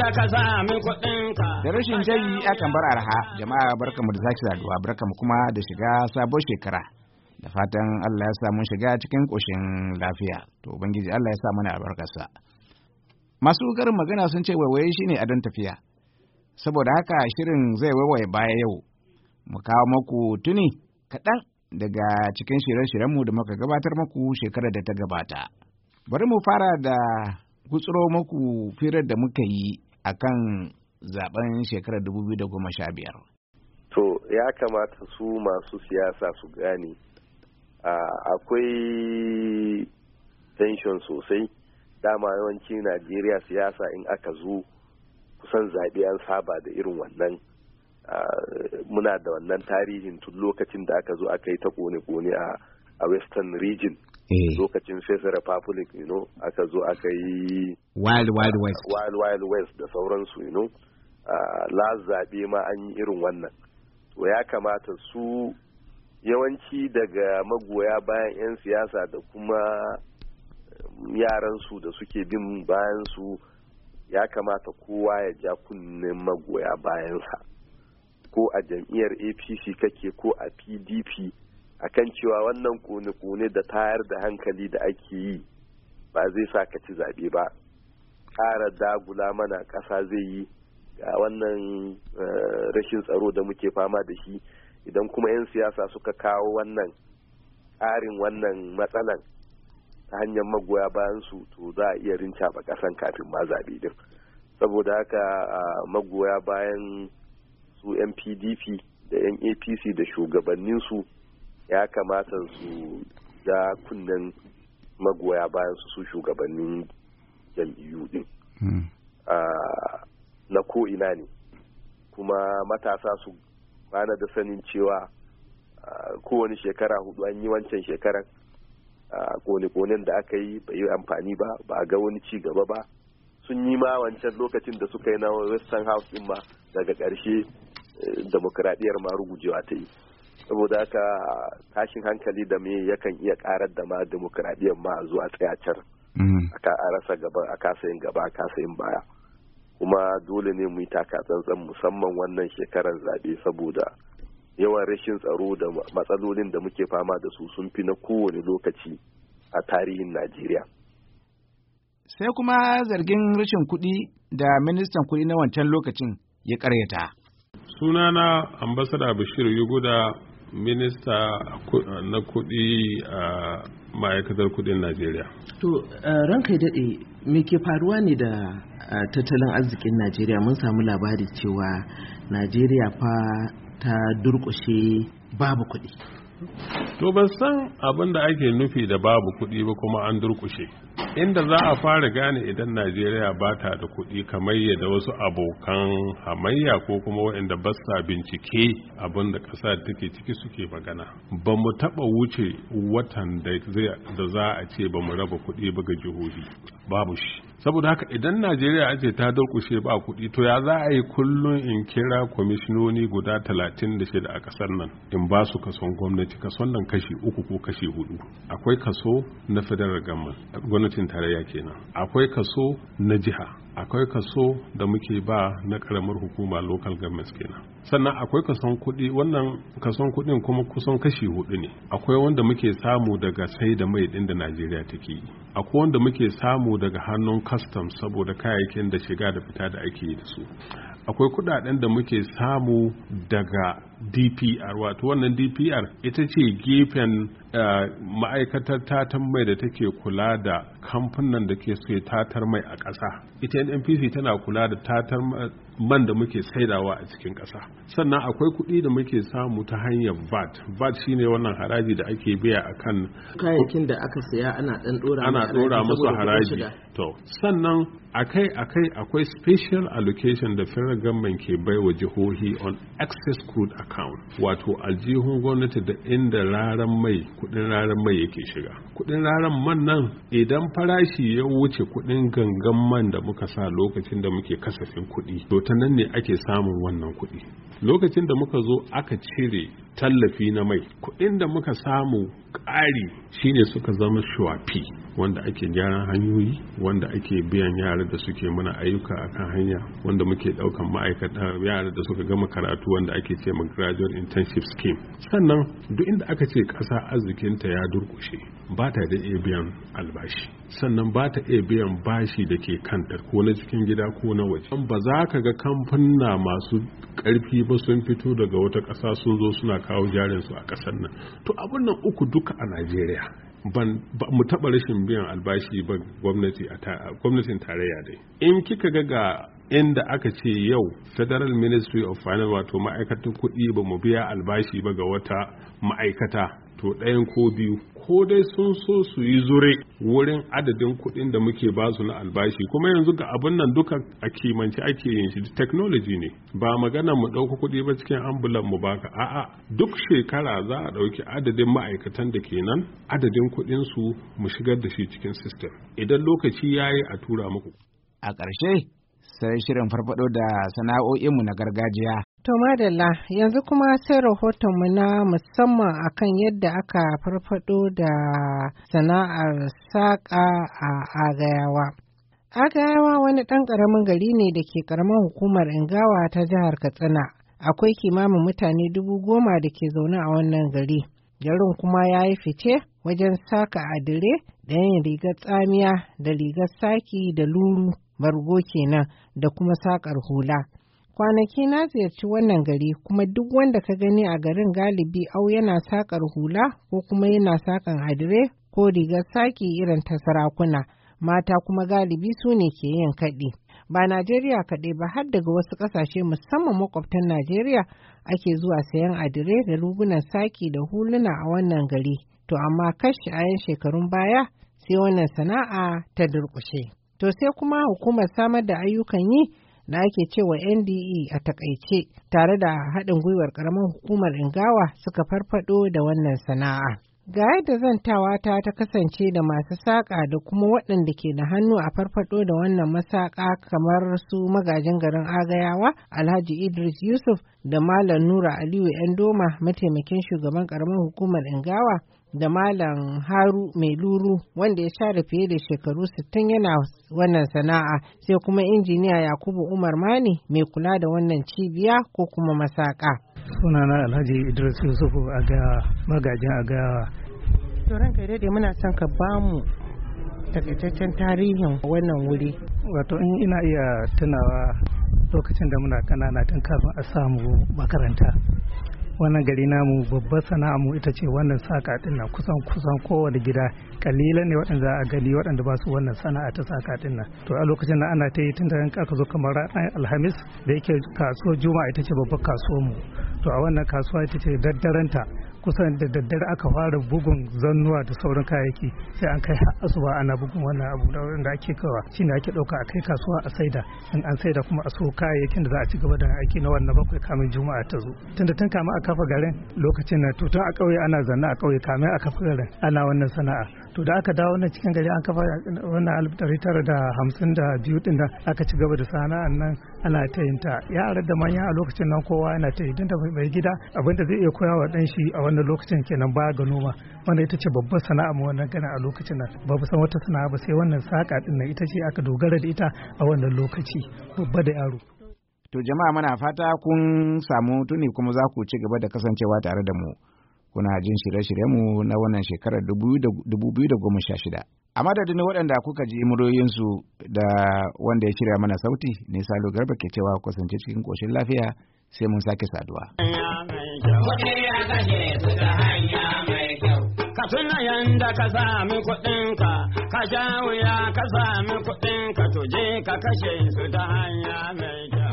da ka sami kuɗinka. Da rashin jayi akan bar arha, jama'a barkamu da sake saduwa, barkamu kuma da shiga sabon shekara. Da fatan Allah ya sa mun shiga cikin ƙoshin lafiya, to Ubangiji Allah ya sa mana albarkarsa. Masu karin magana sun ce waiwaye shine adon tafiya, saboda haka shirin zai waiwaye baya yau. Mu kawo maku tuni kaɗan daga cikin shirye-shiryenmu da muka gabatar maku shekarar da ta gabata. Bari mu fara da gutsuro muku firar da muka yi a kan zaben shekarar 2015. To ya kamata su masu siyasa su gane akwai tension sosai dama yawanci Najeriya siyasa in aka zo kusan zaɓe an saba da irin wannan muna da wannan tarihin tun lokacin da aka zo aka yi ta kone-kone a western region Eh. lokacin Fesa Republic you know aka zo aka yi Wild Wild West Wild Wild West da sauransu you know ah, la zaɓe ma an yi irin wannan to ya kamata su yawanci daga magoya bayan 'yan siyasa da kuma um, yaransu da suke bin bayansu ya kamata kowa ya ja kunnen magoya bayansa ko a jam'iyyar apc kake ko a pdp akan cewa wannan kone-kone da tayar da hankali da ake yi ba zai sa ka ci zaɓe ba ƙara dagula mana ƙasa zai yi a wannan eh, rashin tsaro da muke fama da shi idan kuma 'yan siyasa suka kawo wannan ƙarin wannan matsalan ta hanyar magoya bayan su to za a iya rinca ba ƙasan kafin ma zaɓe din saboda haka magoya bayan su 'yan da 'yan apc da shugabanninsu ya kamata su ja kunnen magoya bayan su shugabannin jam'iyyu din hmm. na ko'ina ne kuma matasa su bana da sanin cewa kowane shekara hudu an yi wancan shekarar kone-konen da aka yi bai yi amfani ba ba ga wani ci gaba ba sun yi ma wancan lokacin da suka yi na western house din ma daga ƙarshe eh, demokradiyyar ma rugujewa ta yi saboda haka tashin hankali da me yakan iya karar da ma demokradiyyar ma zuwa tsayacar mm. a rasa gaba a kasa yin gaba a kasa yin baya kuma dole ne mu yi taka tsantsan musamman wannan shekarar zaɓe saboda yawan rashin tsaro da matsalolin da muke fama da su sun fi na kowane lokaci a tarihin najeriya sai kuma zargin rashin kuɗi da ministan kuɗi na wancan lokacin ya ƙaryata. sunana ambasada bashir yuguda minista na kudi a ma'aikatar kudin najeriya to eh, ranka daɗe me ke faruwa ne da eh, tattalin arzikin najeriya mun samu labari cewa najeriya fa ta durƙushe babu kuɗi to ban san abin da ake nufi da babu kuɗi ba kuma an durƙushe inda za a fara gane idan najeriya ba ta da kuɗi kamar yadda wasu abokan hamayya ko kuma waɗanda ba sa bincike abin da ƙasa take ciki suke magana ba mu taɓa wuce watan da za a ce ba mu raba kuɗi ba ga jihohi babu shi saboda haka idan najeriya ake ta durkushe ba kuɗi to ya za a yi kullum in kira kwamishinoni guda talatin da 36 a ƙasar nan in ba su kason gwamnati kason nan kashi uku ko kashi hudu akwai kaso na federal government gwamnatin tarayya kenan akwai kaso na jiha akwai kaso da muke ba na karamar hukuma local governments kenan sannan akwai kason kuɗi wannan kason kuɗin kuma kusan kashi hudu ne akwai wanda muke samu daga sai da mai ɗin da najeriya take yi akwai wanda muke samu daga hannun customs saboda kayayyakin da shiga da fita da ake yi da su akwai kudaden da muke samu daga dpr wato wannan dpr ita ce gefen eh, ma'aikatar tatar mai da take kula da kamfanin da ke sai tatar mai a ƙasa ita nnpc tana kula da tatar man da muke saidawa a cikin ƙasa sannan akwai kuɗi da muke samu ta hanyar vat vat shine wannan haraji da ake biya a kan kayayyakin da aka saya ana ɗan ɗora masu haraji to sannan akai-akai akwai special allocation da federal government ke bai wa jihohi on excess crude account wato aljihun gwamnati da inda raran mai kudin raran mai yake shiga kudin raran man nan idan farashi ya wuce kudin gangan man da muka sa lokacin da muke kasafin kudi to ta nan ne ake samun wannan kudi lokacin da muka zo aka cire tallafi na mai kuɗin da muka samu ƙari shine suka zama shuwafi wanda ake gyaran hanyoyi wanda ake biyan yara da suke mana ayyuka a kan hanya wanda muke ɗaukan ma'aikata yara da suka gama karatu wanda ake ce ma graduate internship scheme sannan duk inda aka ce ƙasa arzikinta ya durƙushe, ba ta da iya biyan albashi sannan ba ta iya biyan bashi da ke kanta ko na cikin gida ko na waje ba za ka ga kamfanna masu ƙarfi ba sun fito daga wata ƙasa sun zo suna kawo jarinsu a ƙasar nan to abin nan uku duka a najeriya ban mu taɓa rashin biyan albashi ba gwamnati a gwamnatin tarayya dai in kika ga ga inda aka ce yau federal ministry of finance wato ma'aikatan kuɗi ba mu biya albashi ba ga wata ma'aikata to ɗayan ko biyu ko dai sun so su yi zure wurin adadin kuɗin da muke ba su na albashi kuma yanzu ga abin nan duka a kimanci ake yin shi technology ne ba magana mu ɗauka kuɗi ba cikin ambulan mu baka a'a duk shekara za a ɗauki adadin ma'aikatan da kenan adadin kuɗin su mu shigar da shi cikin system idan lokaci ya yi a tura muku a ƙarshe sai shirin farfado da sana'o'inmu na gargajiya To madalla yanzu kuma sai rahotonmu na musamman akan yadda aka farfado da sana'ar saƙa a agayawa. Agayawa wani ɗan ƙaramin gari ne da ke ƙaramin hukumar Ingawa ta jihar Katsina. Akwai kimanin mutane dubu goma da ke zaune a wannan gari. Garin kuma ya yi fice wajen saka adire da yin rigar tsamiya da rigar saki da luru bargo kenan da kuma saƙar hula. Kwanaki na ziyarci wannan gari kuma duk wanda ka gani a garin galibi au yana sakar hula ko kuma yana sakan hadire ko rigar saki irin ta sarakuna, mata kuma galibi su ne ke yin kaɗi. Ba Najeriya kaɗai ba har daga wasu ƙasashe musamman makwabtan Najeriya ake zuwa sayan adire da rugunan saki da huluna a wannan gari. To amma kashi a yan shekarun baya sai wannan sana'a ta durƙushe. To sai kuma hukumar samar da ayyukan yi da ake cewa NDE a takaice tare da haɗin gwiwar ƙaramin hukumar Ingawa suka farfado da wannan sana'a. Ga yadda zantawa ta ta kasance da masu saƙa da kuma waɗanda ke da hannu a farfado da wannan masaƙa kamar su magajin garin Agayawa Alhaji Idris Yusuf da Malam Nura Aliyu Endoma mataimakin shugaban ƙaramin hukumar Ingawa da Malam Haru mai luru wanda ya share fiye da shekaru 60 yana wannan sana'a sai kuma injiniya Yakubu Umar Mani mai kula da wannan cibiya ko kuma masaka. Sunana Alhaji Idris Yusufu a magajin a Turan kai daidai muna son ka bamu takaitaccen tarihin wannan wuri. Wato in ina iya tunawa lokacin da muna kanana tun kafin a samu makaranta. wannan gari namu babbar sana'a mu ita ce wannan saka din nan kusan kusan kowane gida kalila ne waɗanda a gani waɗanda ba su wannan sana'a ta saka din nan to a lokacin nan ana ta yi tun daga aka zo kamar alhamis da yake kasuwar juma'a ita ce babbar kasuwar mu to a wannan kasuwa ita ce daddaranta kusan da daddare aka fara bugun zannuwa da sauran kayayyaki sai an kai asuba ana bugun wannan abu da ake kawa shine ake dauka a kai kasuwa a saida in an saida kuma a so kayayyakin da za a ci gaba da aiki na wannan bakwai kamin juma'a ta zo tunda tun kama a kafa garin lokacin na tutun a kauye ana zanna a kauye kamin a kafa garin ana wannan sana'a to da aka dawo na cikin gari an kafa wannan alif ɗari tara da hamsin da biyu ɗin da aka ci gaba da sana'an nan ana ta yin ta yara da manya a lokacin nan kowa yana ta idan da mai gida abin da zai iya koya wa ɗan shi a wannan lokacin kenan ba ga noma wanda ita ce babbar sana'a mu wannan gana a lokacin nan babu san wata sana'a ba sai wannan saƙa ɗin nan ita ce aka dogara da ita a wannan lokaci babba da yaro. To jama'a muna fata kun samu tuni kuma za ku ci gaba da kasancewa tare da mu. kuna jin shirye-shiryenmu na wannan shekarar 2016. A madadin waɗanda kuka ji muryoyinsu da wanda ya shirya mana sauti, ne Salo Garba ke cewa kusance cikin ƙoshin lafiya sai mun sake saduwa. Ka tuna yanda ka sami kuɗinka, ka sha wuya ka sami kuɗinka, to je ka kashe su ta hanya mai kyau.